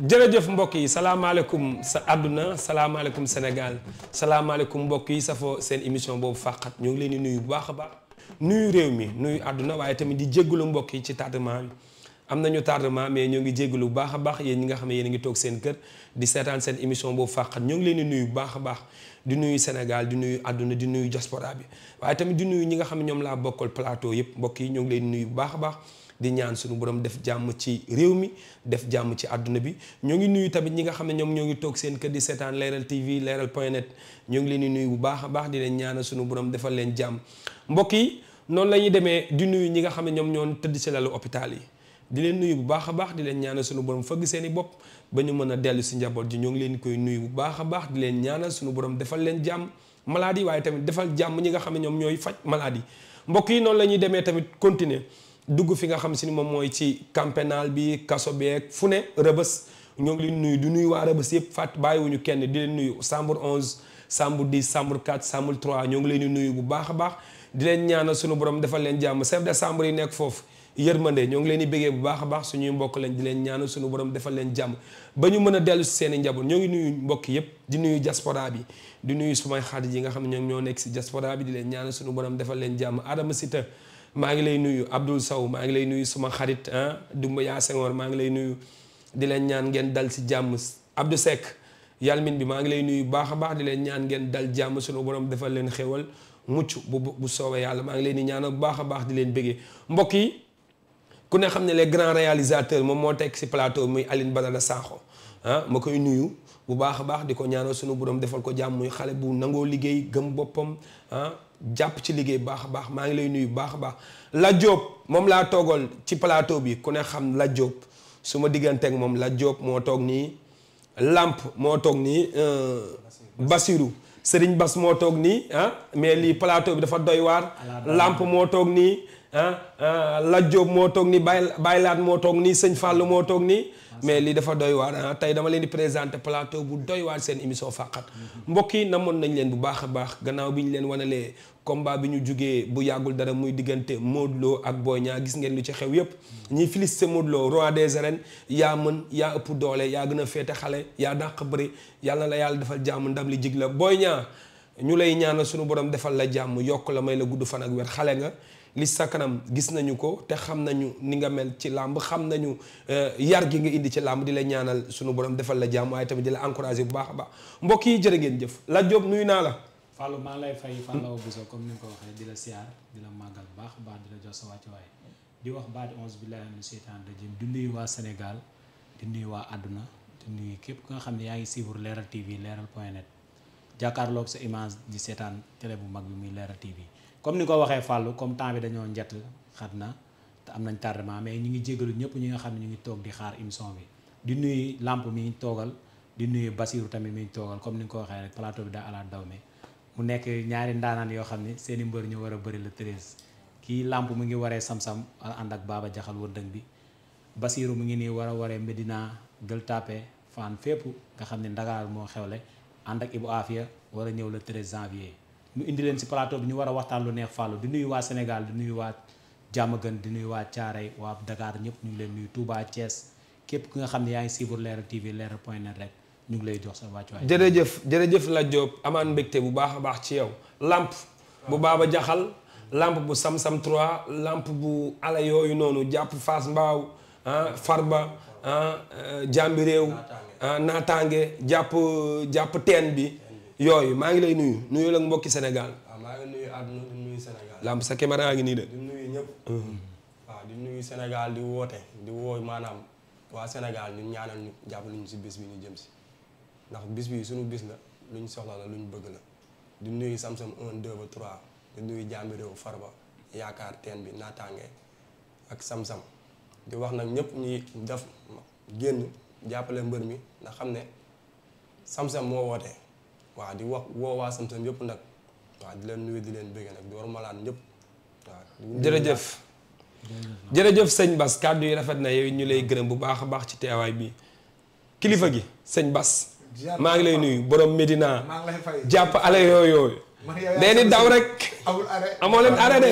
jërëjëf mbokk yi salaamaaleykum sa àdduna salaamaaleykum Sénégal salaamaaleykum mbokk yi safoo seen émission boobu fàqat ñu ngi leen di nuyu bu baax a baax nuyu réew mi nuyu àdduna waaye tamit di jéggalu mbokk yi ci tardement bi am nañu tardement mais ñoo ngi jéggalu bu baax a baax yéen ñi nga xam ne yéen a ngi toog seen kër di seen émission boobu fàqat ñoo ngi leen di nuyu bu baax a baax di nuyu Sénégal di nuyu àdduna di nuyu diaspora bi waaye tamit di nuyu ñi nga xam ñoom laa bokkal plateau yëpp mbokk yi ñoo ngi leen di nuyu bu baax a baax di ñaan suñu borom def jàmm ci réew mi def jàmm ci àdduna bi ñoo ngi nuyu tamit ñi nga xam ne ñoom ñoo ngi toog seen kër di seetaan leeral tv leeral point net ñoo ngi leen di nuyu bu baax a baax di leen ñaanal suñu borom defal leen jàmm mbokk yi noonu la ñuy demee di nuyu ñi nga xam ne ñoom ñoon tëdd ci lalu yi di leen bu baax a baax leen ñaanal suñu borom fëgg seen bopp ba ñu mën dellu si njaboot ji ñoo ngi leen koy nuyu bu baax a baax di ñaanal suñu borom defal leen jàmm maladie waaye tamit defal jàmm ñi nga xam ne ñoom ñooy faj maladie mbokk yi noonu la ñuy demee tamit continuer dugg fi nga xam si ni moom mooy ci campénal bi kaso bi beeg fu ne rëbës ñoo ngi leen nuyu du nuyu waa rëbës yëpp fàtt bàyyiwuñu kenn di leen nuyu chambre 11 chambre 10 chambre 4 chambre 3 ñoo ngi leen di nuyu bu baax a baax di leen ñaanal suñu borom defal leen jàmm chef de yi nekk foofu yërmande ñoo ngi leen di béggee bu a baax suñuy mbokk leen di leen ñaanal suñu defal leen jàmm ba ñu mën a dellu seen i njaboot ngi nuyu mbokk di nuyu diaspora bi di nuyu sumay xarit yi nga xam ne ñoo ñoo nekk si diaspora bi di leen ñaanal suñu borom defal leen jàmm Adama Sita maa ngi lay nuyu Abdoul Sow maa ngi lay nuyu suma xarit ah Dumba yaa Senghor maa ngi lay nuyu di leen ñaan ngeen dal si jàmm Abdou Seck yalmin bi maa ngi lay nuyu baax a baax di leen ñaan ngeen dal jàmm suñu borom defal leen xéwal mucc bu bu soobee yàlla maa ngi leen di ñaanal bu baax a baax di leen mbokk yi ku ne xam ne les grands réalisateurs moom moo teg si plateau muy Aline Badara Sakho ah ma koy nuyu bu baax a baax di ko ñaanal suñu borom defal ko jàmm muy xale bu nangoo liggéey gëm boppam ah jàpp ci liggéey baax a baax maa ngi lay nuyu baax a baax la Diop moom laa toogal ci plateau bi ku ne xam la Diop su ma digganteeg moom Lat Diop moo toog nii Lamp moo toog nii euh, Basirou Serigne Bas moo toog nii ah mais lii plateau bi dafa doy waar Lamp moo toog nii la ah, ah, Lat moo toog nii Bay Baylaat moo toog nii Sëñ fàll moo toog nii mais lii dafa doy waar ah tey dama leen di présenter plateau bu doy waar seen émission fàqat mbokk yi namoon nañ leen bu baax a baax gannaaw bi ñu leen wanalee combat bi ñu jógee bu yàggul dara muy diggante Modou ak Boy Niang gis ngeen lu ci xew yépp ñi félicité Modou Lo roi des arènes yaa mën yaa ëpp doole yaa gën a féete xale yaa dàq bëri yàlla la yàlla defal jàmm ndam li jig la Boy ñaa ñu lay ñaan sunu borom defal la jàmm yokk la may la gudd fan ak wér xale nga li sa kanam gis nañu ko te xam nañu ni nga mel ci làmb xam nañu euh, yar gi nga indi ci làmb di lay ñaanal sunu borom defal la jàmm waaye tamit di la encouragé bu baax a baax mbokk yi jërë ngeen jëf Lat Diop naa la. Fallou maa lay fay Fallou Bousso comme ni nga ko waxee di la siyaar màggal bu baax baax di la jox sa wàccuwaay di wax baati onze billahi min seytaan rajim di nuyu waa Sénégal di nuyu waa àdduna di képp ku nga xam ne yaa ngi suivre Leral TV Leral point net jàkkaarloog sa image di seetaan télé bu mag bi muy Leral TV. comme ni ko waxee fàllu comme temps bi dañoo njett xat na te am nañ tardement mais ñu ngi jégalu ñëpp ñu nga xam ne ñu ngi toog di xaar émission bi di nuyu làmp mi toogal di nuyu Basiru tamit mi toogal comme ni nga ko waxee rek plateau bi daa ala daw mu nekk ñaari ndaanaan yoo xam ne seen i mbër ñu war a bëri la treize kii làmp mu ngi waree sam-sam ànd ak baaba jaxal wëndëng bi Basiru mu ngi nii war a waree médina Gueule Tapée Fann fépp nga xam ne Ndakaar moo xewle ànd ak Ibou Afia war ñëw le 13 janvier mu indi leen si bi ñu war a waxtaan lu neex Fallou di nuyu waa Sénégal di nuyu waa Diamaguène di nuyu waa Thiaroye waa Dakar ñëpp ñu ngi leen nuyu Touba Thiès képp ki nga xam ne yaa ngi suivre Leral TV Leral point net rek ñu ngi lay jox sa wàccuwaay. jërëjëf jërëjëf la Diop amaan mbégte bu baax a baax ci yow lamp bu baaba jaxal lamp bu samsam 3 làmp bu ala yooyu noonu jàpp Fass Mbaaw ah Farba ah eh, jàmbi réew ah naataange jàpp jàpp teen bi. yooyu maa ngi lay nuyu nuyu la mbokki Sénégal. waaw maa ngi nuyu àdduna di nuyu Sénégal. lamb sa caméra ngi nii de. di nuyu ñëpp. Mhm. waaw di nuyu senegal di woote di wooy maanaam waa senegal ñu ñaanal ñu jàppale ñu si bis bi ñu jëm si ndax bis bi suñu bis la luñ soxla la luñ bëgg la di nuyu Samsam 1 2 ba 3 di nuyu jàmbi réew Farba yaakaar teen bi naataange ak Samsam di wax nag ñëpp ñuy def génn jàppale mbër mi ndax xam ne Samsam moo wootee waaw di wax woo waa Samsam nag waaw di leen nuyu di leen bëgg nag di war malaan ñëpp waaw jërëjëf jërëjëf sëñ Bas kàddu yi rafet na yow ñu lay gërëm bu baax a baax ci teewaay bi kilifa gi sëñ Bas maa ngi lay nuyu borom Medina jàpp ale yooyu day ni daw rek amoo leen arrêté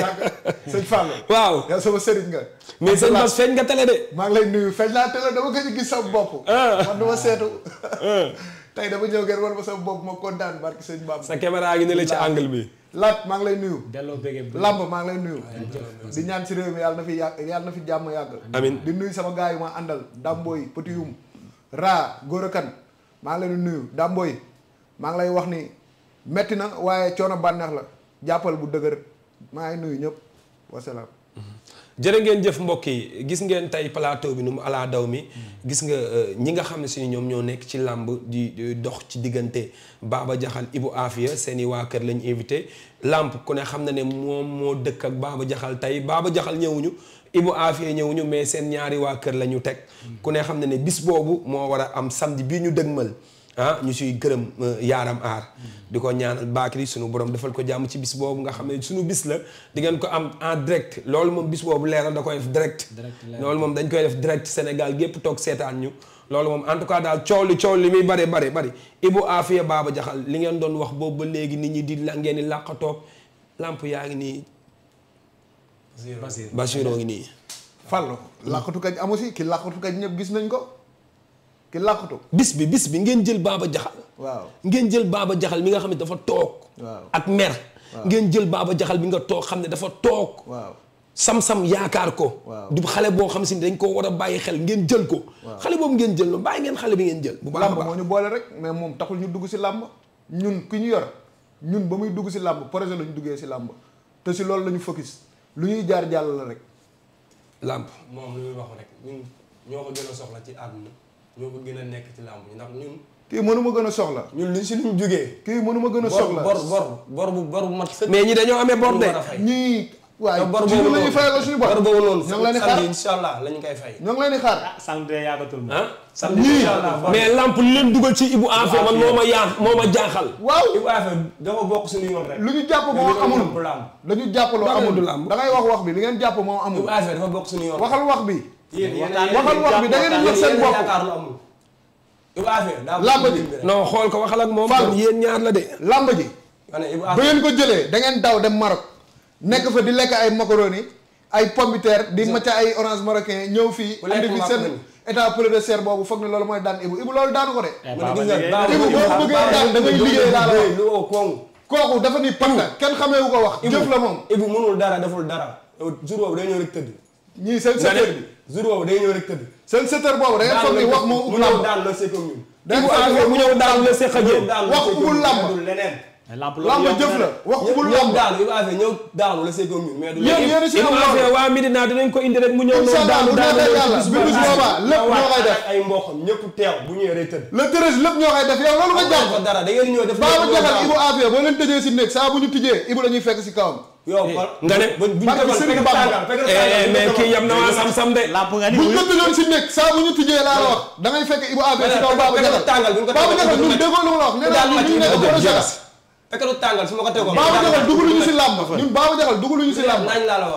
sëñ waaw yow sama nga mais sëñ Bas feeñ nga télé de maa ngi lay nuyu feeñ naa télé dama gëj a gis sa bopp ah. man seetu ah. tey dama ñëw ngeen war ma sama bopp ma kontaan barki sëñ Bamba. sa caméra ngi ne la ci angle bi. Lat maa ngi lay nuyu. delloo bëggee Lamb maa ngi lay nuyu. di ñaan ci réew mi yàlla na fi yàgg yàlla na fi jàmm yàgg. amiin di nuyu sama gars yu ma àndal Damboy Petit Youm Ra Gorokan maa ngi leen di nuyu Damboy maa ngi lay wax ni metti na waaye coono bànneex la jàppal bu dëgër maa ngi nuyu ñëpp wasalaam. jërë ngeen jëf mbokk yi gis ngeen tey plateau bi nu mu alaadaw mi gis nga euh, ñi nga xam ne si ñoom ñoo nekk ci làmb di dox ci diggante Baba Jaxal Ibu Afia seen i waa kër lañ invité làmb ku ne xam na ne moom moo dëkk ak Jaxal tey Baba Jaxal ñëwuñu Ibu Afia ñëwuñu mais seen ñaari waa kër la ñu teg mm. ku ne xam na ne bis boobu moo war a am samedi bii ñu dëgmal ah ñu suy gërëm euh, yaaram aar di ko ñaanal baakri sunu borom defal ko jàmm ci bis boobu nga xam ne sunu bis la di ngeen ko am en direct loolu moom bis boobu leeral da koy def direct loolu moom dañ koy def direct Sénégal gépp toog seetaan ñu loolu moom en tout cas daal coow li coow li muy bare bare bari Ibou Afia Baba Jaxal li ngeen doon wax boobu ba léegi nit ñi di la ngeen di làqatoo làmp yaa ngi nii Basiiroo ngi nii Fallu làqatu kañ amu si ki gis nañ ko ki làqatu bis bi bis bi ngeen jël baaba jaxal waaw ngeen jël baaba jaxal mi nga xam ne dafa toog ak mer ngeen jël baaba jaxal bi nga toog xam ne dafa toog waaw sam-sam yaakaar ko du xale boo xam si ne dañ ko war a bàyyi xel ngeen jël ko xale boobu ngeen jël lo bàyyi ngeen xale bi ngeen jël bu baax làmb moo ñu boole rek mais moom taxul ñu dugg si làmb ñun ki ñu yor ñun ba muy dugg si làmb projet la ñu duggee si làmb te si loolu la ñu focus lu ñuy jaar jàll la rek làmb moom wax rek ñun soxla ci àdduna ñoo ko a nekk ci làmb ndax ñun. kii mënu ma gën a soxla. ñun liñ si liñ jugee. kii mënu ma gën a soxla bor bor bor bu bor bu mat sëkk. mais ñi dañoo amee bor de. ñii waaye bor boobu noonu la ñuy fayal suñu bor. bor boobu noonu ñoo leen koy fay. ñoo ngi leen di xaar. ah sant yaakatul ma. samedi incha allah leen dugal ci Ibou Afé man moo ma yaa moo ma jaaxal. waaw Ibou Afé dafa bokk suñu yoon rek. lu ñu jàpp moo amul dañu jàpp loo amul da ngay wax wax bi li ngeen jàpp moo amul. Ibou Afé yoon waxal wax bi waxal wax bi da ngeen di jox seen bopp làmb ji non xool ko waxal ak moom fal yéen ñaar la de làmb ji ba ngeen ko jëlee da ngeen daw dem Maroc nekk fa di lekk ay macaroni ay pomme de terre di macca ay orange marocain ñëw fii andi fi seen état pule de serre boobu foog ne loolu mooy daan Ibou Ibou loolu daanu ko de eh, Ibou boo ko bëggee daan da ngay liggéey laa la wax kooku dafa ni panda kenn xamee wu ko wax jëf la moom Ibou mënul dara deful dara jour boobu day ñëw rek tëdd ñii seen secteur bi jour boobu day ñëw rek tëdd. seen secteur boobu da ngeen foog ni wax moo ubbi lamb daal la sekk ñun. da ngeen mu ñëw daal la sekk ak wax ubul lamb leneen. lamb jëf la wax ubul lamb daal yu affaire ñëw daal la sekk ñun. mais du yéen si am loolu waa Medina dinañ ko indi rek mu ñëw noonu daal daal la bis boobaa lépp ñoo koy def ay mboqam ñëpp teew bu ñëwee rek tëdd. le treize lépp ñoo koy def yow loolu nga jàpp dara da ngeen ñëw def baaba jaxal Ibu affaire boo leen tëjee si néeg saa bu ñu tijjee Ibu la ñuy fekk si kawam yow eh, nga ne buñ buñ ko sëriñ Bamba eh, mais kii yam na waa sam sam de buñ ko bindoon si nekk saa ñu tijjee laa la wax da ngay fekk Ibou si kaw Baba Jaxal Baba ñu si làmb ñun Baba Jaxal dugaluñu si làmb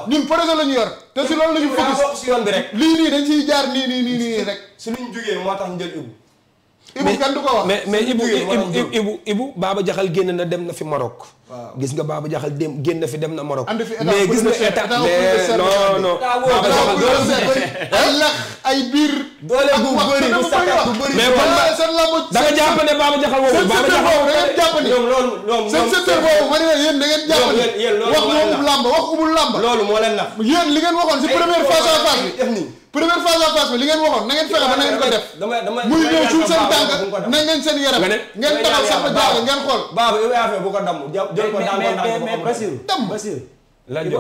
ñun projet la yor te si loolu la ñu lii nii dañ siy jaar nii nii nii rek moo tax ñu Ibu kenn mais mais Ibu Ibu Ibu Baba Jaxal génn na dem na fi Maroc. gis nga Baba Jaxal dem génn na fi dem na Maroc. mais gis nga état mais non non. ay biir. doole bu bu sakkat bu bëri. mais kon da nga jàpp ne Baba Jaxal woowu. Baba Jaxal ñoom loolu. ñoom wax ubul làmb wax ubul làmb. loolu moo leen naf. yéen li ngeen waxoon si première face à face bi. première face à face bi li ngeen waxoon na ngeen ba na ko def. damay damay muy ñëw suuf seen tànk na ngeen seen yaram. ngeen taxaw sax jaay ngeen xool. baabu yow ko damm jël ko daan ko daan ko mais mais Basiru damm Basiru. la Ibu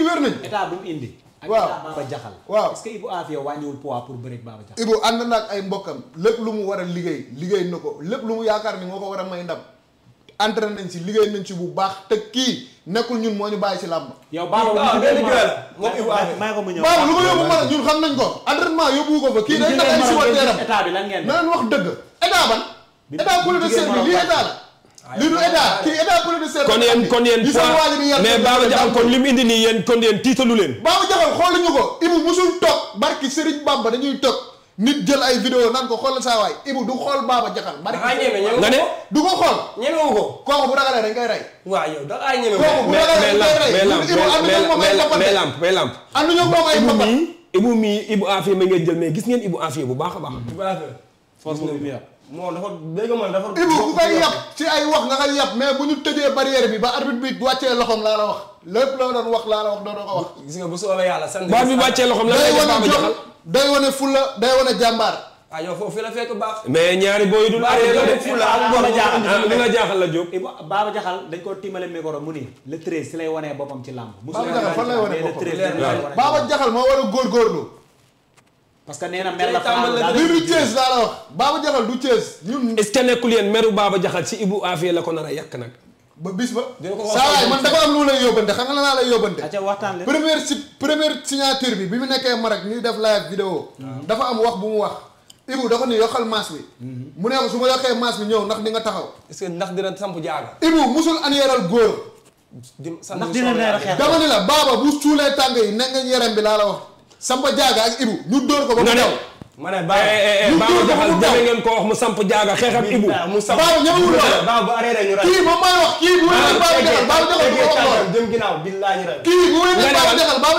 nañ waaw waaw Ibu Afia ay mbokkam lépp lu mu war a liggéey liggéey na ko lépp lu mu yaakaar ni moo ko war a may ndam entraîné nañ si liggéey nañ si bu baax te kii nekkul ñun moo ñu bàyyi ci làmb. yow Babou ah, lu ko yóbbu mën ñun xam nañ ko entraînement yóbbu ko fa kii day tax ay supporteram état bi lan ngeen wax dëgg état ban état pôle de service lii état la ah, du état kii état pôle de service kon yéen kon yéen mais Baba Diakhal kon li mu indi nii yéen kon yéen tiitalu leen Baba Diakhal xooluñu ko Ibou musul toog barki Serigne Bamba dañuy toog nit jël ay vidéo naan ko xoolal saa waay Ibou du xool Baba Jaxal bari nga ah, ne du ko xool ñemewu ko kooku bu ragalee dañ koy rey waaw yow da mais lamp mais lamp mais gis wax nga koy mais bu ñu tëjee barrière bi ba arbitre bi wàccee laa loo doon wax laa la wax doo doo ko wax gis bi wàccee loxoom la lay Baba Jaxal day wane fulla day wane jàmbaar. ah yow foofu fi la fekk baax. mais ñaari booy dul. aree la de fulla nga jaaxal la jóg. Eh, Baba Jaxal dañ ko tiimale micro mu ni le treize si lay wanee boppam ci làmp musu lay wane fan lay wane boppam Baba Jaxal moo war a góor góorgóorlu. parce que nee na mer la faral daal du Thiès laa la wax Baba Jaxal du Thiès ñun. est-ce que nekkul meru Baba Jaxal ci Ibou Afia la ko nar a yàq nag. ba bis ba. dina ko saa man dafa am lu lay yóbbante xam nga la naa lay yóbbante. atiwa waxtaan leen première si première signature bi bi mu nekkee Maroc ñuy def live vidéo dafa am wax bu mu wax. Ibou dafa ni yokkal maas bi. Mhm. mu ne ko su ma yokkee maas bi ñëw ndax di nga taxaw. est-ce que ndax dina samp jaaga. Ibou musul aneeral góor. ndax dina leer xeex dama ni la baaba bu suulee tàng yi ne nga yaram bi laa la wax. samp jaaga ak Ibou ñu dóor ko ba mu daw. ma ne Ba eh, eh, eh, ngeen ko wax mu samp jaaga mu samp Ba ñëwul lool Ba bu arrêté ñu ray kii moom mooy wax kii bu wéyee Ba bu jaxal Ba bu jaxal du ko wax lool. ma ginnaaw billahi ñu ray kii bu Ba bu jaxal Ba bu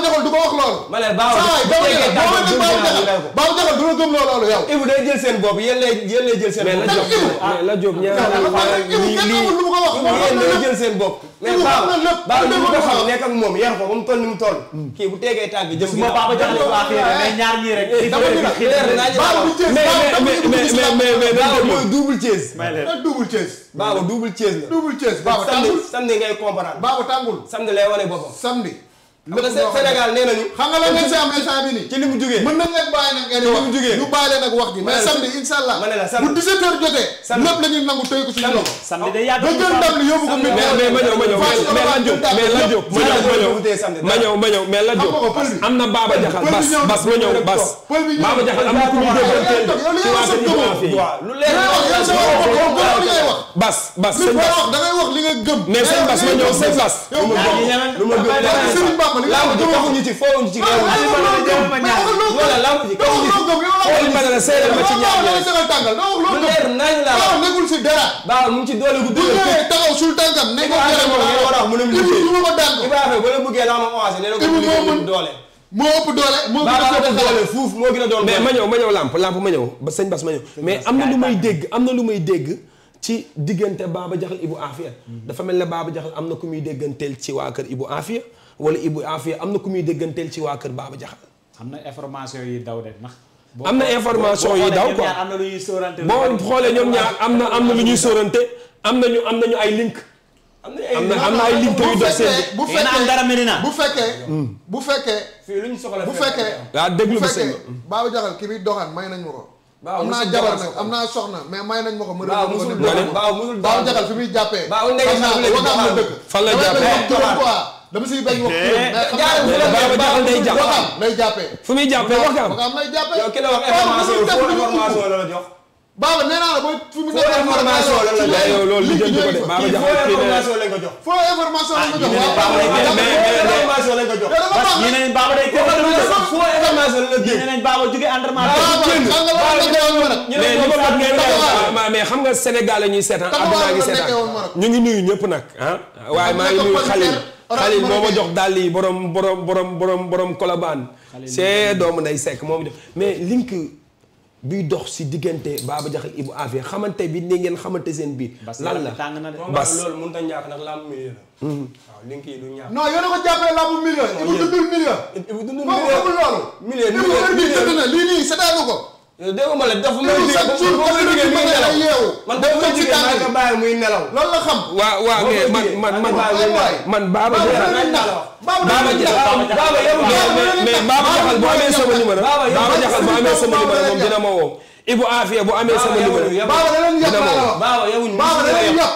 du ko wax loolu yow. Ibu day jël seen bopp yéen lay yéen lay jël seen bopp. Ah. mais la jóg ñaar lii yéen lay jël seen bopp. mais Ba Ba ñu ko xam nekk ak moom yar ko ba mu toll ni mu toll. kii bu tegee tànk jëm ginnaaw. mais double Thiès. double Thiès. Baba double Thiès la. double Thiès Baba tàngul samedi ngay comprendre. Baba tàngul. samedi boppam samedi. lépp Sénégal nee nañu. xam nga lan lañ si am instant bi nii. ci li mu jugee mën nañ leen bàyyi nag. ngeen di wax ñu bàyyi leen ak wax ji. mais samedi incha allah ma ne la samedi bu 17h jotee. samedi lépp la ñuy nangu tëj ko suñu loxo. samedi day yaatu ñu faam ba gën ndam li yóbbu ko. mais mais ma ñëw ma ñëw mais lan jóg mais lan jóg ma ñëw ma ñëw ma ñëw mais lan jóg. am na Baba Diakhal Bas Bas ma ñëw Bas. Baba Diakhal am na ku ñu dégganteel ci waa te ñu waa fii. Bas Bas sëñ Bas. da ngay wax li nga gëm. mais sëñ Bas ma ñëw sëñ Bas. ma li nga waxuñu ci foofu ci gaaw ci ma la jëm ma ñaan wala lamb ji kaw ci foofu ma la seere ma ci ñaan la seere tàngal do wax lu leer nañ la waaw nekkul fi dara baaw mu ci doole gu dëgër bu taxaw sul tànkam ne ko dara mo ngeen wara mu ne mu ci mu ma daan ko ibaafe bu la bëggee la ma avancé ne ko mu doole moo ëpp doole moo gën a ëpp doole fuuf moo gën a doon mais ma ñëw ma ñëw lamp lamp ma ñëw ba sëñ Bass ma ñëw mais am na lu may dégg am na lu may dégg ci diggante Baba Jaxal Ibou Afia dafa mel ne Baba Jaxal am na ku muy dégganteel ci waa kër Ibou Afia wala Ibou Afia am na ku muy dégganteel ci waa kër Baba Diakhal. am na information yi daw de ndax. am na information yi daw quoi boo xoolee ñoom ñaar am na am na lu ñuy sóorante am nañu am nañu ay link. am na am na ay link yu dox seen bu fekkee bu fekkee. Hmm. bu fekkee. fii lu ñu soxla bu fekkee. waaw déglu bu fekkee hmm. Baba Diakhal ki muy doxaan may nañ ma ko. am naa jabar nag am naa soxna mais may nañ ma ko. waaw musul baaw musul baaw Baba Diakhal fi muy jàppee. waaw ndege fan la jàppee fan dama siy bañ wax. day jàpp lay jàppee. fu muy jàppee wax nga am lay jàppee. yow ki la wax information la la jox. baaba nee naa la mooy li jënd ko de baaba jaxal jox. foo information lañ ko jox waaw baaba lay information lañ ko jox. parce que ñu ne baaba day teel foo ñu ne baaba xam nga Sénégal a ñuy seetaan adduna gi seetaan ñu ngi nuyu ñëpp nag ah waaye maa ngi nuyu xale yi xalil moo ma jox dàll yi borom borom borom borom borom kolobaan see doomu nday sekk moom jox mais link bi dox si diggante Baba Jaxal Ibou Afia xamante bi ni ngeen xamante seen biir. lan la bas loolu mënut a ñàkk nag million la. Mhm. waaw link yi du ñàkk. non yéen a ko jàppale million. Oh, Ibou dundul million. Ibou dundul million kooku amul million million million lii nii seetaanu ko. dégg ma la dafa may liggéey ba mu liggéey muy nelaw man dafa may liggéey maa ngi bàyyi muy nelaw loolu la xam. waaw waaw mais man man man Baba Diakhal Baba Diakhal mais Baba Diakhal bu amee sama numéro Baba Diakhal bu amee sama numéro moom dina ma woo Ibou Afia bu amee sama numéro dina ma woo.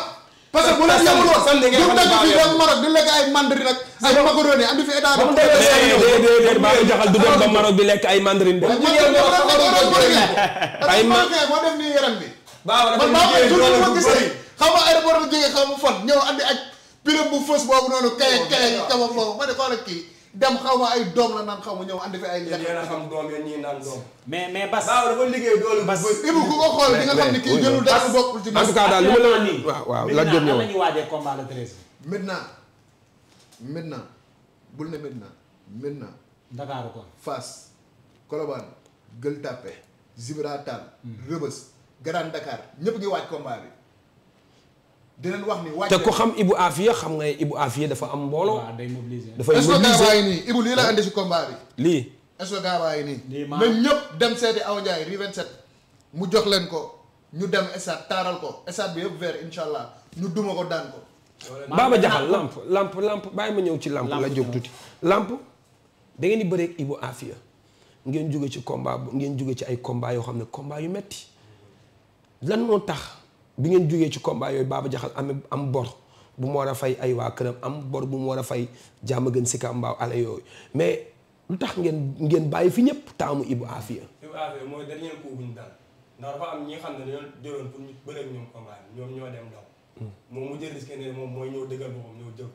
parce que bu leen yamul woon ñu dëkk fii dem Maroc di lekk ay mandarine ak ay macaroni andi fi état de déedéet ba jaxal du dem ba Maroc di lekk ay mandarine de ay ma moo def nii yaram bi baaw dafa liggéey loolu bu bëri xam nga aéroport bu jógee xam nga fon ñëw andi ak pirogue bu fës boobu noonu kaye kaye kama foofu ma ne xoolal kii dem xaw ma ay doom la naan xaw mu ñëw andi fi ay. lex yéen mais mais Bas. waaw dafa liggéey doole Bas. Ibu ku ko xool di nga xam ne kii jëlul daal li ma la wax waaw waaw laaj jot ñëw. maintenant waajee combat le treize. maintenant maintenant bul ne ko fas Colobane Gueule Tapée Gibraltar hmm. Rëbës Grand Dakar ñëpp ngi waaj combat bi. di wax ni wàcc te ku xam Ibou Afia xam nga Ibou Afia dafa am mbooloo. waaw day mobiliser dafay mobiliser est lii la andi si ñëpp dem seeti Awa Ndiaye rue 27 mu jox leen ko ñu dem stade taaral ko stade bi yëpp vert incha allah ñu duma ko daan ko. baaba jaxal lamp lamp lamp bàyyi ma ñëw ci lamp la jóg tuuti lamp da ngeen di bëreeg Ibou Afia ngeen jóge ci combat ngeen jóge ci ay combat yoo xam ne combat yu metti lan moo tax. bi ngeen jógee ci combat yooyu Baba Jaxal am am bor bu mu war a fay ay waa këram am bor bu mu war a fay jàmm gën si kàmbaaw ale yooyu mais lu tax ngeen ngeen bàyyi fi ñëpp taamu Ibou Afia. Ibou mooy dernier coup bu am ñi nga xam ne dañoo jëloon pour ñu bëre ñoo dem daw. Hmm. mu jël risque ne moom mooy ñëw dëggal boppam ñëw jël.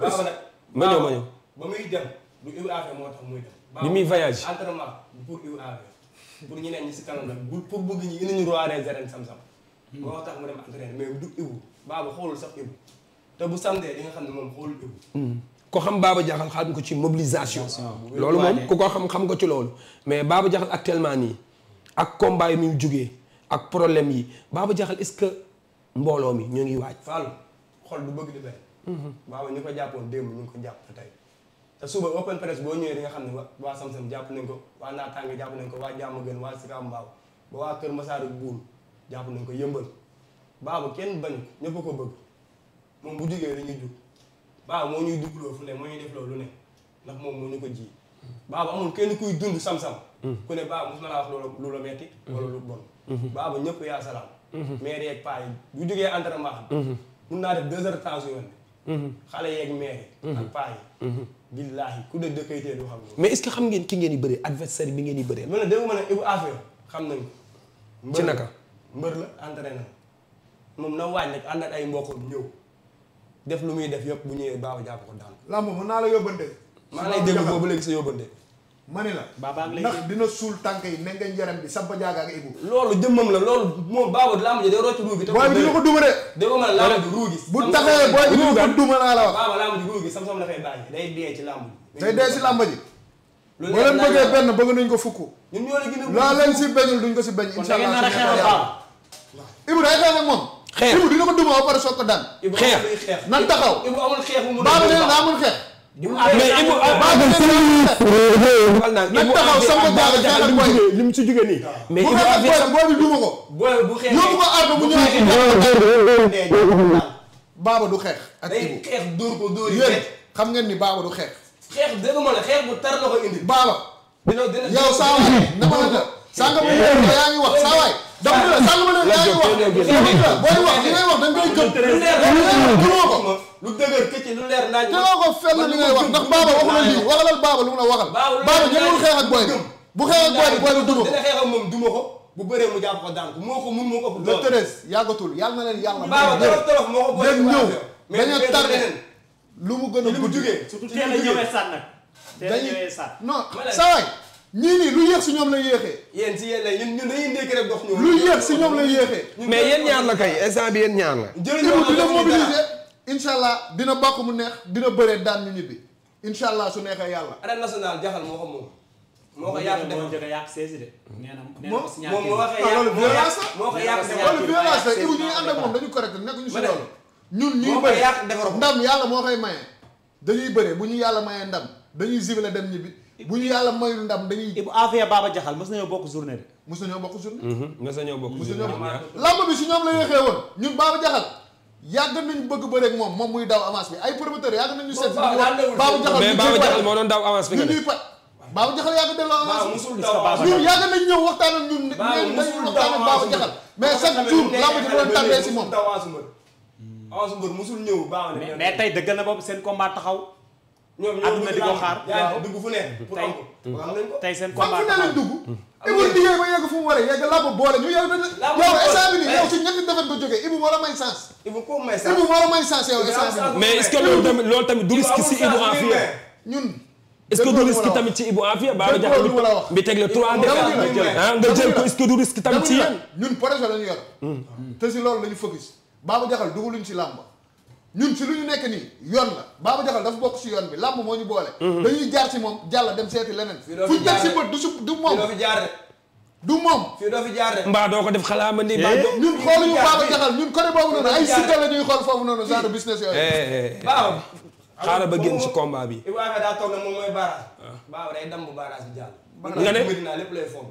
baaba nag ma ñëw ma ba muy dem du Ibou Afia moo tax muy dem. muy voyage entraînement pour Ibou Afia pour ñeneen ñi si kanam nag pour indi ñu roi des arènes sam-sam Hmm. moo tax mu dem mais du ibu baaba xoolul sax ibu te bu samdee di nga xam ne moom xoolul ibu hmm. ko xam baaba jaxal xam ko ci mobilisation loolu moom ku ko xam xam ko ci loolu mais baaba jaxal actuellement nii ak combat yi jóge ak problème yi baaba jaxal est-ce que mbooloo mi ñoo ngi waaj fallu xol du bëgg di bay hmm. baaba ñu ko jàppoon démb ñu ko jàpp tey te suba open press boo ñëwee di xam ne waa sam jàpp nañ ko waa naataange jàpp nañ ko waa jàmm gën waa sikaam mbaaw ba waa kër masaaru jàpp nañ ko yëmbal baaba kenn bañ ñëpp ko bëgg moom bu jógee dañuy jug baaba moo ñuy dugloo fu ne moo ñuy def loolu ne ndax moom moo ñu ko ji baaba amul kenn kuy dund sam-sam hmm. ku ne baaba mos na laa wax loolu lu la metti hmm. wala lu bon hmm. baaba ñëpp yaa salaam maire yeeg paa bu jógee entraînement mun naa def deux heures de temps su yoon xale yeeg maire yi ak paa yi billaahi ku de dëkkaytee du xam mais est ce que xam ngeen ki ngeen di bëree adversaire bi ngeen di bëree mën na dégg mën a ibu affaire xam nañ ko ci naka mbër la entraîné na moom na waaj nag ànd ak ay mbokkam ñëw def lu muy def yëpp bu ñëwee baaw jàpp ko daan. lamb mën naa la yóbbante. maa lay déglu boobu léegi sa yóbbante. ma ne la. baabaag léegi ndax dina suul tànk yi ne nga yaram bi Samba Diaga ak Ibou. loolu jëmmam la loolu moom Baaba lamb ji day rocc ruugi. te booy bi dina ko duma de. déggoo ma ne lamb ji ruugi. la wax. Baaba dee ci lamb ji. day leen bëggee benn bëgg nañ ko fukk. ñun ñoo a. laa leen si bañul duñ ko si bañ. incha allah Ibou day xeex ak moom. xeex Ibou dina ko duma ba pare soog ko daan. xeex nan taxaw. Ibou amul xeex bu mu baax nee na amul xeex. mais Ibou baax nee na amul xeex. nan taxaw sama baax xeex ak booy li mu ci jógee nii. mais Ibou affaire sax booy bi duma ko. booy bu xeex yóbbu ko aar ba mu ñëwaat ko. baaba du xeex. ak Ibou day xeex dóor ko dóor yi yéen xam ngeen ni baaba du xeex. xeex dëgg ma la xeex bu tar la ko indi. baaba. dina dina yow saa waay na ma la saa nga ma yaa ngi wax saa waay donc sànq ma ne yaa ngi wax booy wax li ngay wax da nga koy gëm. lu leer ko. lu dëgër këcc lu leer naaj. tënoo ko fenn li ngay wax ndax baaba waxu la lii waxalal baaba lu mu la waxal. baaba ñëwul xeex ak booy bu xeex ak booy bi booy bi duma ko. dina xeex ak moom duma ko. bu bëree mu jàpp ko daan ko moo ko mun moo ko ëpp. le treize yàggatul yàlla na leen yàlla. baaba torof torof moo ko bëri ñëw dañoo tardé lu mu gën a gudd. surtout teel a ñëwee sànn nag. teel a ñëwee sànn non saa waay ñii nii lu yéex si ñoom la yéexee. yéen si yéen la ñun ñun dañuy dégg rek dox ñoom. lu yéex si ñoom la yéexee. mais yéen ñaan la kay instant bi yéen ñaan la. jërëjëf dina mobiliser incha allah dina bàq mu neex dina bëree daan nit ñi incha allah su neexee yàlla. arène nationale jaxal moo ko moom. moo ko yàq def moo njëkk a yàq saisi de. nee na moo moo waxee ah, yàq moo moo ko yàq sa yàq loolu violence la ibu ñu ànd ak moom dañu correct nekkuñu si loolu. ñun ñuy bëri ndam yàlla moo koy maye. dañuy bëre bu ñu yàlla maye ndam dañuy zible dem ñibbi bu ñu yàlla mayul ndam dañuy. Ibou Afia Baba Diakhal mos nañoo bokk journée de. mos nañoo bokk journée. mos mhm, nañoo bokk journée lamb bi si ñoom la yéexee woon ñun Baba Diakhal yàgg nañ bëgg bëre ak moom moom muy daw avance bi ay promoteurs yàgg nañ ñu seet. Baba Diakhal mais Baba Diakhal moo doon daw avance bi nga def Baba Diakhal yàgg delloo avance bi ñun yàgg nañ ñëw waxtaan ak ñun. Baba musul daw avance bi mais chaque jour lamb ji doon tàmbee si moom. avance mbër musul ñëw baax na mais tey dëgg na boobu seen combat taxaw ñoom ñoo di ko xaar dugg fu ne pour am ko tey seen combat fu ibu liggéey ba yegg fu mu waree yegg làmb boole yow yow bi nii yow si ñetti defet nga jógee ibu war a may sens ibu ko may sens ibu war a may sens yow instant bi mais est-ce loolu tamit du risque si ibu en fie ñun est du risque tamit ci ibu en fie baa nga jàpp bi ah, ko est-ce que du hmm. loolu lañu focus baa nga jaxal dugaluñ si làmb ñun si lu ñu nekk nii yoon la Baba Diakhal dafa bokk si yoon bi làmb moo ñu boole. Mhm. dañuy jaar si moom jàll dem seeti leneen. fu ñu teg si bët du si du moom. jaar du moom. doo mbaa doo ko def xalaa ma nii. Eh? ñun xooluñu Baba Diakhal ñun côté boobu noonu ay Siteu la ñuy xool foofu noonu genre business yooyu. waaw. Eh, eh, xaaral ba génn si combat bi. Ibrahima daa toog ne moom mooy barrage. waaw ah. day damb barrage bi jàll. nga ne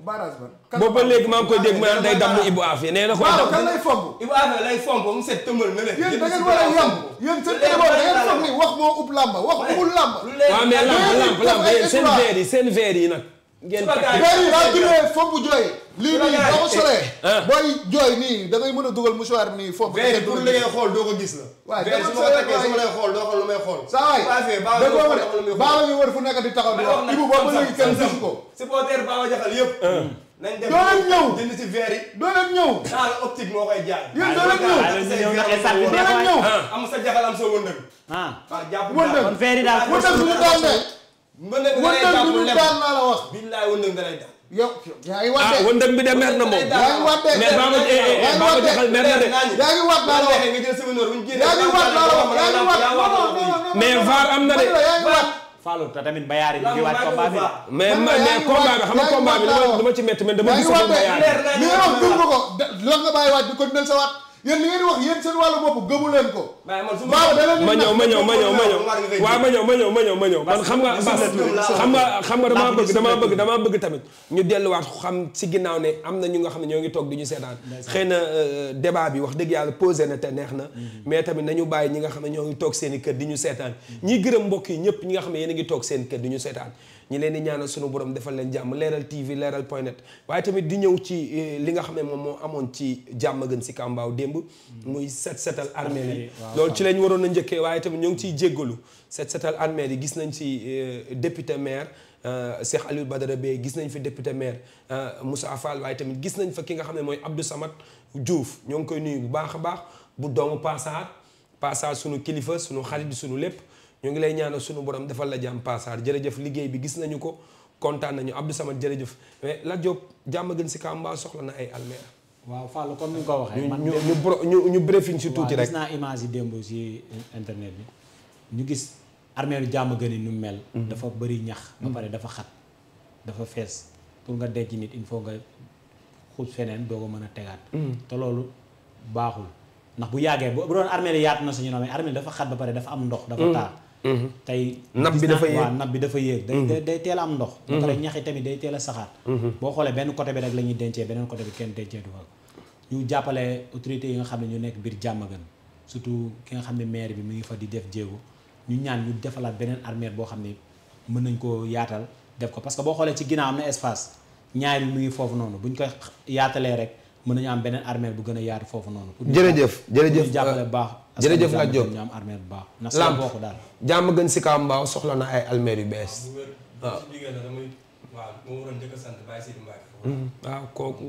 barrage ban boobu ba léegi maa ngi koy dégg mu naan day damm Ibou Afia nee na ko waaw kan lay fomp Ibou Afia lay fomp mu set tëmbal na leen yéen da ngeen war a yem yéen seen tëmbal da ngeen foog ni wax moo ub làmba wax ubul làmba waaw mais làmb làmb làmb seen verre yi seen verre yi nag ngeen fekkee foofu jooy. lii ko solee. Eh. Eh. booy jooy nii da ngay mën a dugal mouchoir nii foofu. veille pour li ngay doo ko gis la. waaye dama su ma takkee su ma lay xool doo ko lu may ko. Eh. ñëw doo leen ñëw. doo leen ñëw doo leen ñëw. sa jaxal am sa wëndëg. ah, ah mbëndëg nga lay daan wëndëg la wax. billaay wëndëg nga lay daan. yow yaa ngi waatee ah wëndëg bi de mer na moom. yaa ngi waatee mais baa ma yaa ngi waatee mer na la wax nga jël séminaire bu ñu génnee. yaa ngi waat naa la wax yaa ngi waat non non non. mais VAR am na de. yaa ngi waat. Fallou te tamit Bayar yi di waat combat nga combat bi dama ci métti mais ko. loolu nga bàyyi waat di continuer sa waat yéen li ngeen di wax yéen seen wàllu bopp gëmu leen ko. waaye man su ma ma ñëw ma ñëw ma ñëw ma ñëw waaw ma ñëw ma ñëw ma ñëw ma ñëw man xam nga xam nga xam nga damaa bëgg damaa bëgg tamit ñu delluwaat xam si ginnaaw ne am na ñu nga xam ne ñoo ngi toog du ñu seetaan xëy na euh, débat bi wax dëgg yàlla posé na te neex na mm-hmm. mais tamit nañu bàyyi ñi nga xam ne ñoo ngi toog seen kër di ñu seetaan ñiy gërëm mbokk yi ñëpp ñi nga xam ne yéen ngi toog seen kër di ñu seetaan ñi leen di ñaanal suñu borom defal leen jàmm leeral TV leeral point net waaye tamit di ñëw ci eh, li nga xam ne moom moo amoon ci jàmm gën si kàmbaaw démb. muy set setal armée yi loolu ci lañ waroon a njëkkee waaye tamit ñoo ngi ciy jéggalu set setal armée yi gis nañ ci eh, député maire. Eh, Cheikh Aliou Badara Bey gis nañ fi député maire Moussa Fall waaye tamit gis nañ fa ki nga xam ne mooy Abdou Samad juuf ñoo ngi koy nuyu bu baax a baax bu doomu Paasaar Paasaar sunu kilifa sunu xarit sunu lépp. ñu ngi lay ñaanal suñu borom defal la jàmm paasaar jërëjëf liggéey bi gis nañu ko kontaan nañu Abdou Samad jërëjëf mais Lat Diop jàmm gën si kaw mbaa soxla na ay almeer waaw Fallou comme ni nga ko waxee. ñu ñu ñu ñu briefing si tuuti rek gis naa image yi démb si internet bi ñu gis armeeru jàmm gën yi nu mel. Mhm. dafa bari ñax. ba mhm. pare dafa xat dafa fees pour nga denc nit il faut nga xuus feneen doo ko mën a tegaat. Mhm. te loolu baaxul ndax bu yàggee bu doon armeel yaatu na suñu naan mais dafa xat ba pare dafa am ndox. dafa taar Mm-hmm. tey nab bi dafa yéeg waaw nab bi day day mm-hmm. a am ndox mm-hmm. day teel a saxaar boo xoolee benn côté bi rek la ñuy dencee beneen côté bi kenn dencee du ñu jàppale autorités yi nga xam ne ñu nekk biir Diamaguène surtout ki nga xam ne maire bi mu ngi fa di def jéego ñu ñaan ñu defalaat beneen armère boo xam ne mën nañ koo yaatal def ko parce que boo xoolee ci ginnaaw am na espace ñaar bi mu ngi foofu noonu buñ ko yaatalee rek mën nañu am beneen armeel bu gën a yaatu foofu noonu jërëjëf jërëjëf jàppale baax jërëjëf la Diop lamp jàmm gën si kaw mbaaw soxla na ay almeer yu bees waaw waaw mm-hmm. kooku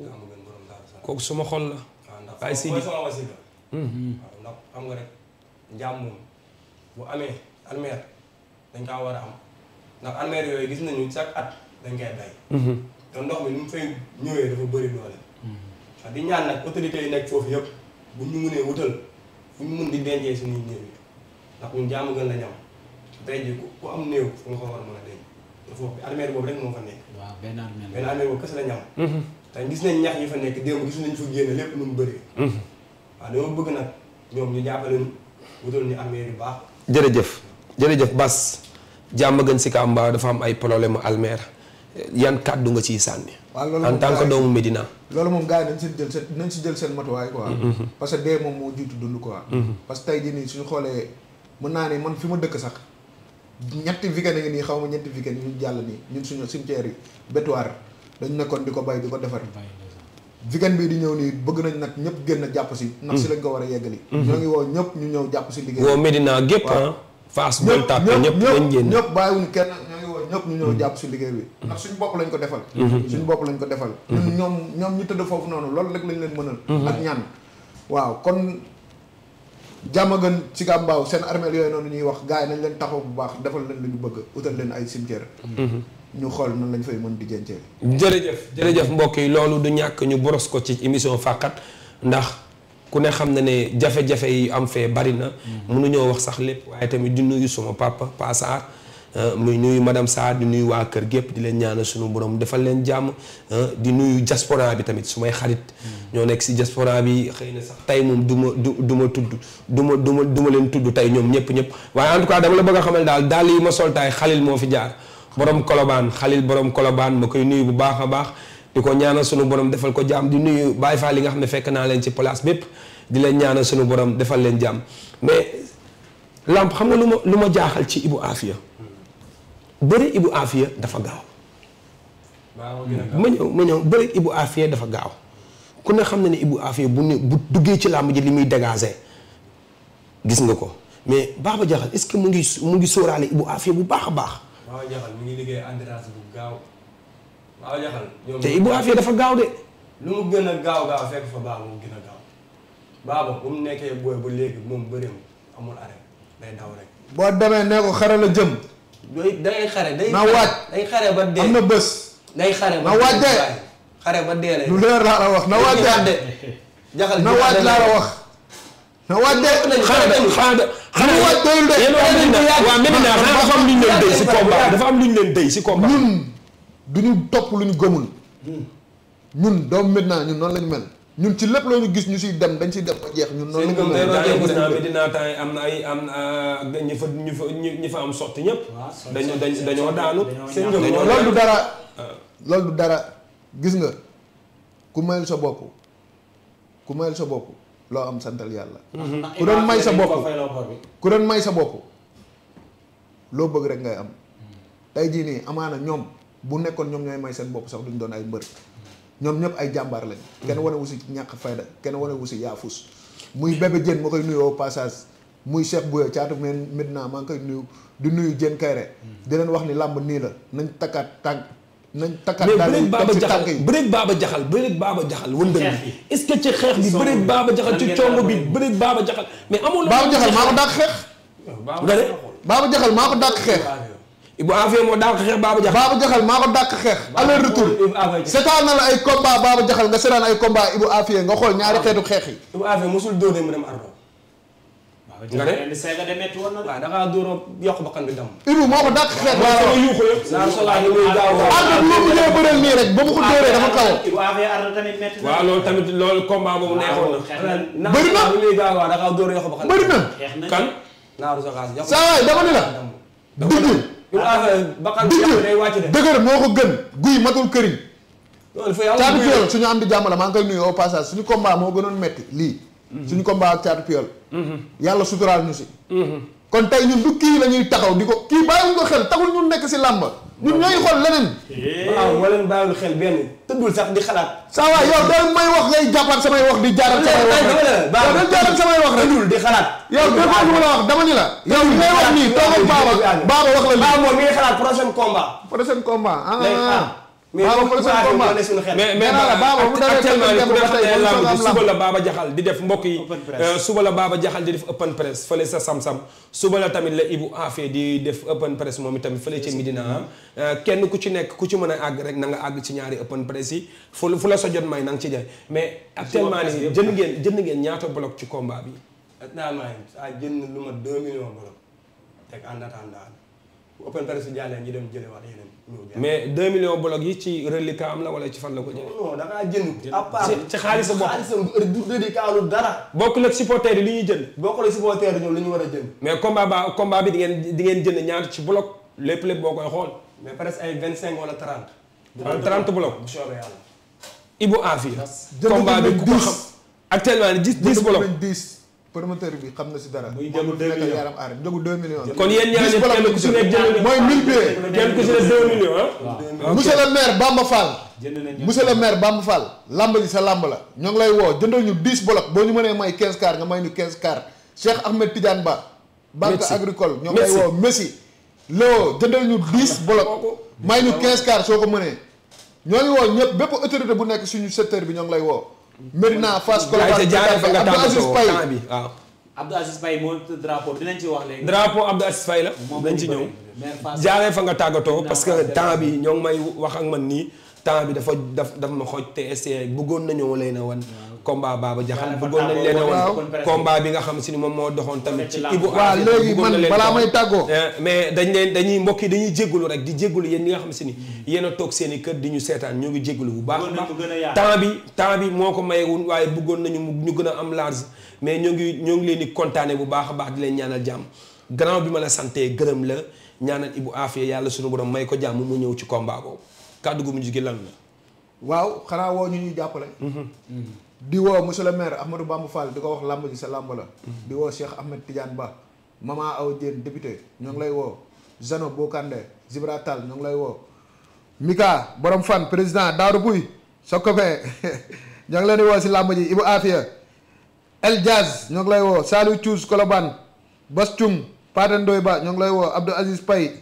kooku suma xol la Baye Sidi mm-hmm. waaw ndax xam nga rek njaam moom bu amee almeer dañ kaa war a am ndax almeer yooyu gis nañu chaque at dañ koy bay mm-hmm. te ndox mi ni mu fay ñëwee dafa bëri doole di ñaan nag autorités nekk foofu yëpp bu ñu mënee wutal fu ñu mun di dencee suñuy néew yi ndax ñun jaamu gën la ñam tey jii ku am néew fu nga ko war a a denc te foofu armée boobu rek moo fa nekk. waaw benn armée boobu kese la ñam. Mhm. tey gis nañ ñax yi fa nekk démb gis nañ fa génne lépp lu mu bëree. Mhm. waaw bëgg nag ñoom ñu jàppale ñu wutal ñu armée baax. jërëjëf jërëjëf Bas jàmm gën si Kamba dafa am ay problème mu yan kàddu nga ciy sànni. en loolu moom gars yi nañ si jël seen nañ si jël seen matuwaay quoi. Mm-hmm. Mm-hmm. parce dee moom moo jiitu dund quoi. Mm-hmm. parce que tey nii suñu xoolee mën naa ne man fi ma dëkk sax ñetti week-end ngi nii xaw ma ñetti week-end ñu jàll nii ñun suñu cimetière yi bétuwaar dañ nekkoon di ko bay di ko defar. weekend bii di ñëw nii bëgg nañ nag ñëpp génn jàpp si ndax si lañ ko war a yeggali ñoo ngi woo ñëpp ñu ñëw jàpp si liggéey woo Medina gépp ñëpp ñu ñëw jàpp su liggéey bi ndax suñ bopp lañ ko defal mhm. suñ bopp lañ ko defal mhm. ñun ñoom ñoom ñu tëdd foofu noonu loolu rek lañ leen mënal mhm. ak ñaan waaw kon a jàmmagën ci gàmbaaw seen armeel yooyu noonu ñuy wax gars yi nañ leen taxaw bu baax defal leen lu ñu bëgg utal leen ay cimetière ñu xool nan lañ fay mën di jëncee jërëjëf jërëjëf mbokk yi loolu du ñàkk ñu boros ko ci émission fàqat ndax ku ne xam na ne jafe-jafe yi am fee bari na mënuñoo wax sax lépp waaye tamit di nuyu sama papa Euh, muy nuyu madame Sarr di nuyu waa kër gépp di leen ñaanal suñu borom defal leen jàmm euh, di nuyu diaspora bi tamit su xarit hmm. ñoo nekk si diaspora bi xëy na sax tey moom du ma du du ma tudd du ma du ma du ma leen tudd tey ñoom ñëpp ñëpp waaye en tout cas dama la bëgg a xamal daal yi ma sol taay xalil moo fi jaar borom kolobaan xalil borom kolobaan ma koy nuyu bu baax a baax di ko ñaanal sunu borom defal ko jàmm di nuyu Baye Fall yi nga xam ne fekk naa leen ci place bépp di ñaanal sunu borom defal leen jàmm mais làmp xam nga lu ma lu ma jaaxal ci Ibou Afia bëri ibu afiya dafa gaaw. ma ñëw ma ñëw bëri ibu afiya dafa gaaw ku ne xam na ne ibu afiya bu ne bu duggee ci làmb ji li muy dégagé gis nga ko mais Baba Jaxal est-ce que mu ngi mu ngi sóoraale ibu afiya bu baax a baax. Baba ngi liggéey entraînement bu gaaw. Baba Jaxal te ibu afiya dafa gaaw de. lu mu gën a gaaw gaaw fekk fa baax mu gën a gaaw baaba bu mu nekkee booy ba léegi moom bëreem amul arrêt boo demee ne ko xarala jëm. day day xare day. na waaj day xare ba dee am na bés. day ba de. xare ba leer laa la wax na waaj de. jaxal na waaj laa la wax. na waaj de xanaa de xanaa de. xanaa de. waaw mel na dafa am lu ñu leen dey si combat dafa am du ñu topp lu ñu gëmul. Hmm. ñun doomu Medina ñun noonu la ñu mel. ñun ci lépp loo ñu gis ñu siy dem dañ siy dem ba jeex ñun. noonu ñu gis dinaa am na ay am ñu fa ñu fa fa am sotti ñëpp. dañoo dañoo daanu. seen ngëm loolu du dara. lool du dara gis nga ku mayal sa bopp ku mayal sa bopp loo am santal yàlla. Mhm. ku doon may sa bopp ku doon may sa bopp loo bëgg rek ngay am. Mhm. tey jii nii amaana ñoom bu nekkoon ñoom ñooy may seen bopp sax duñ doon ay mbër. ñoom ñëpp ay jàmbaar lañ mm-hmm. kenn wane wu si ñàkk fayda kenn wane wu si yaafus muy bébé jën ma koy nuyoo passage muy Cheikh Bouya caatu men Medina maa ngi koy nuyu di nuyu jën kayre mm-hmm. di leen wax ni làmb nii la nañ takkaat tànk nañ takkaat daal mais baaba jaxal bëreeg baaba jaxal bëreeg baaba jaxal wëndël bi est-ce que ci xeex bi bëreeg baaba jaxal ci congo bi bëreeg baaba jaxal mais amul baaba jaxal maa ko dàq xeex nga baaba jaxal maa ko dàq xeex Ibou Afia moo dàq xeex Baba Jaxal. Baba Jaxal maa ko dàq xeex. aller retour seetaan na la ay combat Baba Jaxal nga seetaan ay combat Ibou Afia nga xool ñaari xeetu xeex yi. Ibou Afia mosul dóor mu dem waaw da ngaa dóor yokk bakkan bi dam. Ibou moo ko dàq xeex. waaw waaw a. mu na. waaw loolu tamit loolu combat boobu neexoon na. bëri na a da ngaa dóor yokk bëri na kan. saa waay dama ni la. Ah, dëgër moo ko gën guy matul këriñ caatu piol suñu am di jàmm la maa ngi koy nuyu au passage suñu combat moo gënoon metti lii mhm. suñu combat ak caatu piol mhm. yàlla si mhm. kon tey ñu du kii la ñuy taxaw di ko kii bàyyiwuñ ko xel taxul ñu nekk si làmba ñun ñooy xool leneen. Eh. waaw moo leen bàyyiwul xel benn tëddul sax di xalaat. saa waay yow da may wax ngay jàppaat samay wax di jaaral samay wax rek yow dañ jaaral samay wax rek. tëddul di xalaat. yow dégg nga lu ma la wax dama ni la. yow li ngay wax nii toog ak baaba baaba wax la lii. baaba moom mi ngi xalaat prochain combat. prochain combat ah. ah. mais la baaba bu dalee suba la baaba jaxal di def mbokk yi euh, suba la baaba jaxal di def open press fële sa sam-sam suba la tamit la Ibu Afé di def open press moom itamit fële ca Midina euh, kenn ku ci nekk ku ci mën a àgg rek na nga àgg ci ñaari open press yi fu fu la sa jot may na nga ci jaay mais actuellement nii jënd ngeen jënd ngeen ñaata bloc ci combat bi actuellement ah jënd lu ma 2 millions bloc teg en attendant bu open press si jàllee ñu dem jëlewaat yeneen. mais 2 millions bloc yi ci reliquat am la wala ci fan la ko jëlee. ci xaalisam bopp xaalisam reliquat dara. bokkul ak supporters yi li ñuy jënd. bokkul ak supporters yi ñoom li ñu war a jënd. mais combat ba combat bi di ngeen di ngeen jënd ñaar ci bloc lépp lépp boo koy xool. mais presque ay 25 wala 30. bu 30 bloc bu soobee bi ku ko xam actuellement 10 10 bloc. promoteur bi xam na si dara. muy njëgu 2 millions kon yéen ñaar ñëpp kenn le maire Bamba Fall. jënd nañ monsieur le maire Bamba Fall. lamb ji sa lamb la ñoo ngi lay woo jëndal ñu 10 bloc boo ñu mënee may 15 car nga may ñu 15 car Cheikh Ahmed Tidiane Ba. banque agricole ñoo ngi lay woo Messi. Léo jëndal ñu 10 bloc may ñu 15 car soo ko mënee. ñoo ngi woo ñëpp bépp autorité bu nekk suñu secteur bi ñoo ngi lay woo Medina Fass Colobane Abdou Aziz Paye waaw. Abdou Aziz Paye moo drapeau dinañ ci wax léegi. drapeau Abdou Aziz Paye la. moom ci ñëw. jaaree fa nga tàggatoo parce que temps bi ñoo may wax ak man nii. temps bi dafa daf daf ma xooj te essayé bëggoon nañoo leen a wan combat Baba Jaxal bëggoon nañ leen a wan combat bi nga xam si ni moom moo doxoon tamit ci Ibu waaw léegi man balaa tàggoo eh, mais dañ leen dañuy mbokk yi dañuy jégalu rek di jégalu yéen ñi nga xam ni mm-hmm. yéen a toog seen i kër di ñu seetaan ñu ngi jégalu bu baax a baax temps bi temps bi moo ko mayewul waaye bëggoon nañu ñu gën a am large mais ñoo ngi ñoo ngi leen di kontaane bu baax a baax di leen ñaanal jàmm gannaaw bi ma la sante gërëm la ñaanal Ibu Afia yàlla suñu borom may ko jàmm mu ñëw ci combat boobu kàddu gu mujj gi lan waaw xanaa woo ñu ñuy jàppale. Mhm. di woo monsieur le maire Ahmadou Bamba Fall di ko wax làmb ji sa làmb la. Mhm. di woo Cheikh Ahmed Tidiane Ba. Mama Aw Dieng député ñoo ngi lay woo. Zano Bokande Gibratal ñoo ngi lay woo. Mika borom fan président Daaru Buy sa copain ñoo ngi leen di woo si làmb ji Ibu Afia. El Diaz ñoo ngi lay woo Saliou Thiouz Colobane Bas Thioum Ba ñoo ngi lay woo Abdou Aziz Paye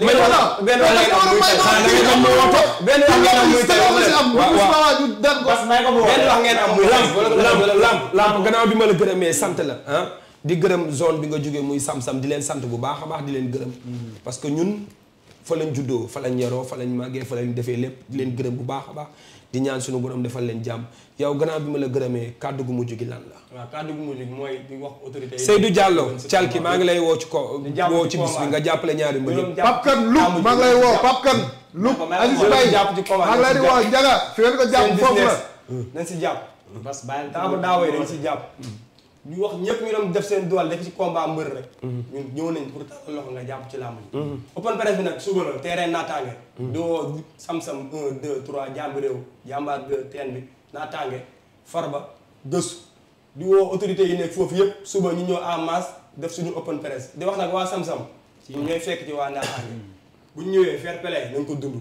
mais voilà benn lamp lamp gannaaw bi ma la gërëmee sant la ah di gërëm zone bi nga jógee muy sam-sam di leen sant bu baax a baax di leen gërëm mm-hmm. parce que ñun fa lañ juddoo fa lañ yaroo fa lañ màggee fa lañ defee lépp di leen gërëm bu baax a baax di ñaan suñu borom defal leen jàmm yow gannaaw bi ma la gërëmee kàddu gu mujj gi lan la. waaw kàddu gu mujj mooy di wax autorité yi. Seydou Diallo Calki maa ngi lay woo ci ko woo ci bis bi nga jàppale ñaari mbir yëpp. Pape Kane Louga maa ngi lay woo Pape Kane. Louga Aziz Baye maa ngi lay di woo Ndiaga fi ngeen ko jàpp foofu la. parce que bàyyi la daaw daawee si jàpp. ñu wax ñëpp ñu dem def seen dool def ci combat mbër rek. ñun ñëw nañ pour tàllal loxo nga jàpp ci làmb ji. open press bi nag suba la terrain naataange. doo sam-sam un deux trois réew jàmbaar de teen bi naataange farba gëstu yi nekk foofu yëpp suba ñu ñëw en masse def suñu open press di wax nag waa sam-sam. ñun ñooy fekk ci waa naataange. bu ñu ñëwee fair play nañ ko dund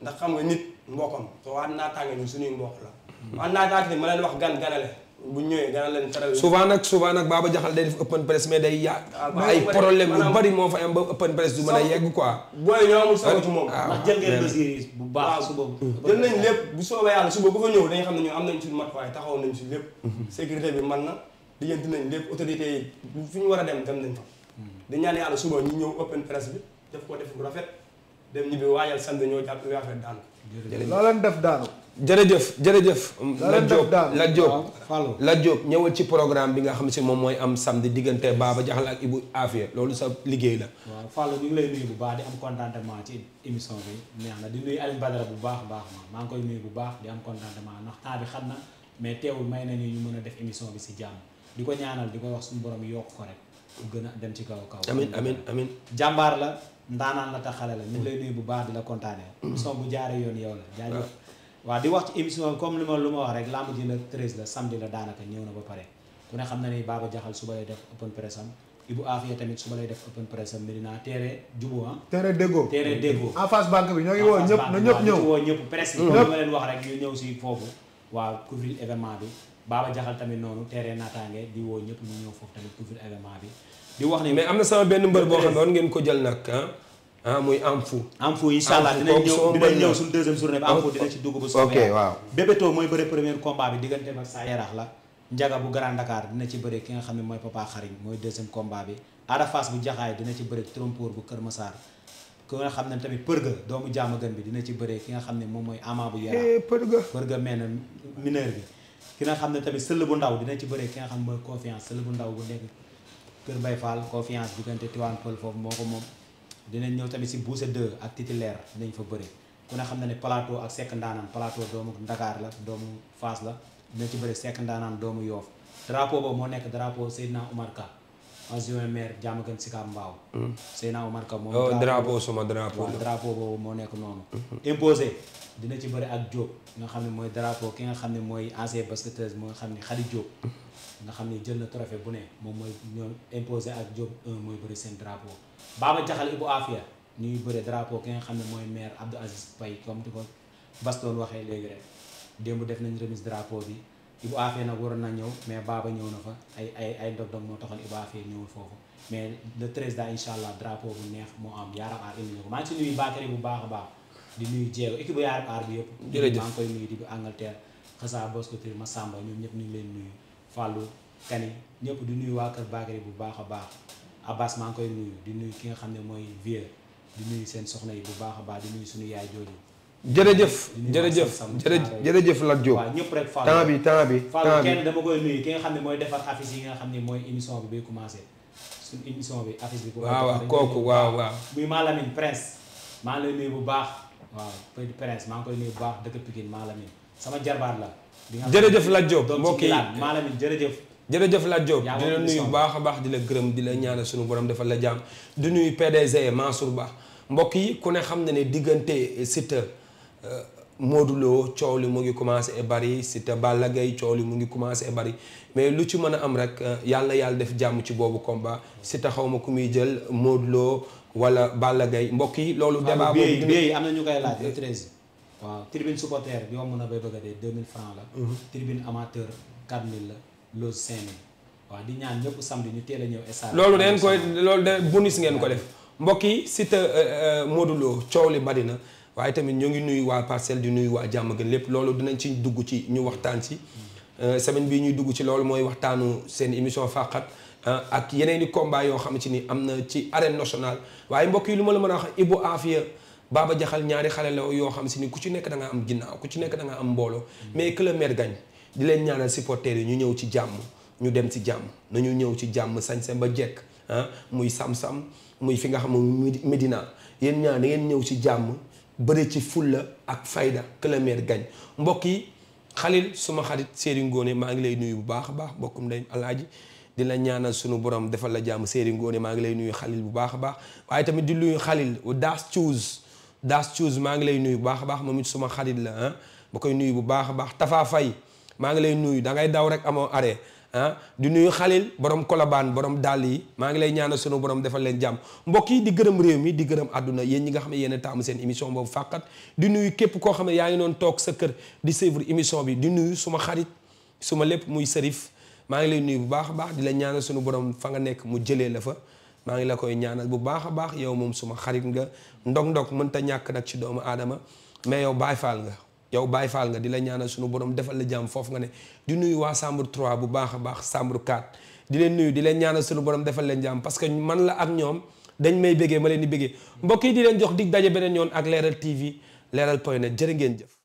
ndax xam nga nit mbokkam te waa naataange ñun suñuy mbokk la. waa naataange ma leen wax gan ganale. bu ñëwee dana leen faral souvent nag souvent nag Baba Jaxal day def open press mais day yàq. Ah, ay problème yu bari moo fa am ba open press du mën a yegg quoi. booy ñoo amul sago ah, bu baax suba. jël nañ lépp bu soobee yàlla suba ku fa ñëw dañu xam ne ñu am nañ suñu matuwaay taxaw nañ si lépp. sécurité bi man na lijjanti nañ lépp autorité yi fi ñu war a dem dem nañ fa. Hmm. dañ ñaan yàlla suba ñu ñëw open press bi def ko def bu rafet dem ñibbi waajal samedi ñëw jàpp affaire daanu. jërëjëf loo leen def daanu jërëjëf jërëjëf Lat Diop Lat Diop Lat Diop ñëwal ci programme bi nga xam si moom mooy am samedi diggante jax Jaxal ak Ibou Afia loolu sa liggéey la waaw Fallou ñu ngi lay nuyu bu baax di am contentement ci émission bi neex na di nuyu Alioune bu baax baax maa ngi koy nuyu bu baax di am contentement ndax temps xam mais teewul may nañu ñu mën a def émission bi si jàmm di ko ñaanal di ko wax suñu borom yokk ko rek pour gën a dem kaw kaw amin amin amin jàmbaar la ndaanaan la xale la ñu ngi lay nuyu bu baax di la kontaanee émission bu jaare yoon yow la jaajëf waaw di wax ci émission comme li ma lu ma wax rek lamb ji la treize la samedi la daanaka ñëw na ba pare ku ne xam na ni Baba Jaxal suba lay def open press am Ibou Afia tamit suba lay def open press am Medina ah. bi ñoo ngi woo ñëpp na ñëpp ñëw woo ñëpp presse bi. comme li rek ñu ñëw si foofu waaw bi Baba Jaxal tamit noonu teere naataange di woo ñëpp ñu ñëw foofu tamit couvrir événement bi. di wax ni mais am na sama benn mbër boo xam ne war ngeen ko jël nag ah. ah muy Amfou. Amfou incha allah dinañ ñëw dinañ ñëw suñu deuxième journée bi Amfou dina ci dugg bu soobee. ok waaw Bébéto mooy bëre premier combat bi digganteem ak saa yaraax la. Njaga bu Grand Dakar dina ci bëre ki nga xam ne mooy Papa Xariñ mooy deuxième combat bi. Ada Fass bu Jaxaay ci bëre Trompour bu Kër Massar. ki nga xam ne tamit përga doomu jaama bi dina ci bëree ki nga xam ne moom mooy ama bu yaraa eh, përga përga mel na mineur bi ki nga xam ne tamit sëll bu ndaw dina ci bëree ki nga xam ne mooy confiance sëll bu ndaw bu nekk kër Bay Fall confiance diggante Tiwaan Pël foofu moo ko moom dinañ ñëw tamit si Bousse 2 ak titulaire dinañ fa bëri ku ne xam na ne plateau ak sekk Ndaanaan plateau doomu ndakaar la doomu Fass la dina ci bëri sekk Ndaanaan doomu Yoof drapeau boobu moo nekk drapeau Seydina Omar Ka ancien maire Diamaguène Sicap Mbao hmm. Seydina Omar Ka moom oh, drapeau sama boobu moo nekk noonu hmm. imposé dina ci bëri ak Diop nga xam ne mooy drapeau ki nga xam ne mooy ancien basketteuse moo nga xam ne Khady Diop hmm. nga xam ne jël na trophée bu ne moom mooy ñoom imposé ak Diop mooy bëri seen drapeau Baba Jaxal Ibou Afia ñuy bëre drapeau ki nga xam ne mooy maire Abdou Aziz Pay comme di ko Bas waxee léegi rek démb def nañ remise drapeau bi Ibou Afia nag waroon na ñëw mais Baba ñëw na fa ay ay ay ndog moo taxoon Ibou Afia ñëwul foofu mais le treize da incha allah drapeau bu neex moo am yaaram aar ma na ko maa ngi si nuyu Bakary bu baax a baax di nuyu jéego équipe yaaram aar bi yëpp. jërëjëf maa ngi koy nuyu di bu Angleterre Xasaa Boscotir Massamba ñoom ñëpp ñu ngi leen nuyu Fallou Kani ñëpp di nuyu waa kër bu baax a baax Abbas maa ngi koy nuyu di nuyu ki nga xam ne mooy vieux di nuyu seen soxna yi bu baax a baax di nuyu suñu yaay jooju. jërëjëf jërëjëf jërëjëf Lat Diop waaw ñëpp rek Fallou temps bi temps bi Fallou dama koy nuyu ki nga xam ne mooy defar affiche yi nga xam ne mooy émission bi bay commencé suñu émission bi affiche bi waaw waaw kooku waaw waaw muy Malamine Prince maa ngi lay bu baax waaw Prince maa ngi koy nuyu bu baax dëkk Pikine Malamine sama jarbaat la jërëjëf jërëjëf jërëjëf Lat Diop di la nuyu baax a baax di gërëm di la ñaanal suñu borom defal la jàmm di nuyu PDG Mansour Ba mbokk yi ku ne xam na ne diggante Siteu euh, Modou Lo coow li mu ngi commencé e bari Siteu Balla gay coow li mu ngi commencé e bari mais lu ci mën a am rek euh, yàlla yàlla def jàmm ci boobu combat Siteu xaw ma ku muy jël Modou Lo wala Balla Gaye mbokk yi loolu débat boobu bi am na ñu koy laaj le treize euh, waaw tribune supporter bi yomb na bay bëgg a dee deux la mhm. tribune amateur quatre la loolu Saint-Louis di ñaan ñëpp samedi ñu teel a ñëw stade loolu dangeen koy loolu de bonus ngeen ko def mbokk yi Siteu euh, euh, Modou Lo coow li bari na waaye tamit ñoo ngi nuyu waa parcelle di nuyu waa jàmm gën lépp loolu dinañ ci dugg ci ñu waxtaan ci hmm. euh, semaine bii ñuy dugg ci loolu mooy waxtaanu seen émission fàqat ak yeneen i combat yoo xam ci ni am na ci arène nationale waaye mbokk yi lu ma la mën a wax Ibou Afia baaba Jaxal ñaari xale la yoo xam si ni ku ci nekk da nga am ginnaaw ku ci nekk da nga am mbooloo hmm. mais que le di leen ñaanal supporters yi ñu ñëw ci jàmm ñu dem ci jàmm nañu ñëw ci jàmm sañ sañse ba jekk ah muy sam-sam muy fi nga xam ne Médina yéen ñaan da ngeen ñëw ci jàmm bëri ci fulla ak fayda que le maire mbokk yi xalil suma xarit seeri Ngoné maa ngi lay nuyu bu baax a baax mbokkum day alaaji di la ñaanal sunu borom defal la jàmm seeri Ngoné maa ngi lay nuyu xalil bu baax a baax waaye tamit di nuyu xalil daas choose daas choose maa ngi lay nuyu bu baax a baax moom it suma xarit la ah koy nuyu bu baax a baax Tafa Faye maa ngi lay nuyu dangay ngay daw rek amoo arrêt ah di nuyu xalil borom kolobaan borom dàll yi maa ngi lay ñaanal sunu borom defal leen jàmm mbokk yi di gërëm réew mi di gërëm àdduna yéen ñi nga xam ne yéen taamu seen émission boobu fàqat di nuyu képp koo xam ne yaa ngi doon toog sa kër di suivre émission bi di nuyu suma xarit suma lépp muy sërif maa ngi lay nuyu bu baax a baax di la ñaanal sunu borom fa nga nekk mu jëlee la fa maa ngi la koy ñaanal bu baax a baax yow moom suma xarit nga ndog-ndog mënta ñàkk nag ci doomu aadama mais yow Baay Faal nga yow Baye Fall nga di la ñaanal suñu borom defal la jàmm foofu nga ne di nuyu waa chambre 3 bu baax a baax chambre 4 di leen nuyu di leen ñaanal suñu borom defal leen jàmm parce que man la ak ñoom dañ may béggee ma leen di béggee mbokk yi di leen jox dig daje beneen yoon ak leeral TV leeral point net jërë ngeen jëf